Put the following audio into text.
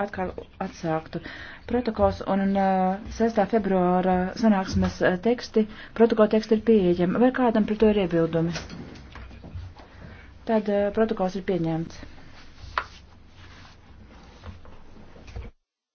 atkal atsāktu. Protokols un uh, 6. februāra sanāksmes uh, teksti, protokola teksti ir pieejami. Vai kādam par to ir iebildumi? Tad uh, protokols ir pieņemts.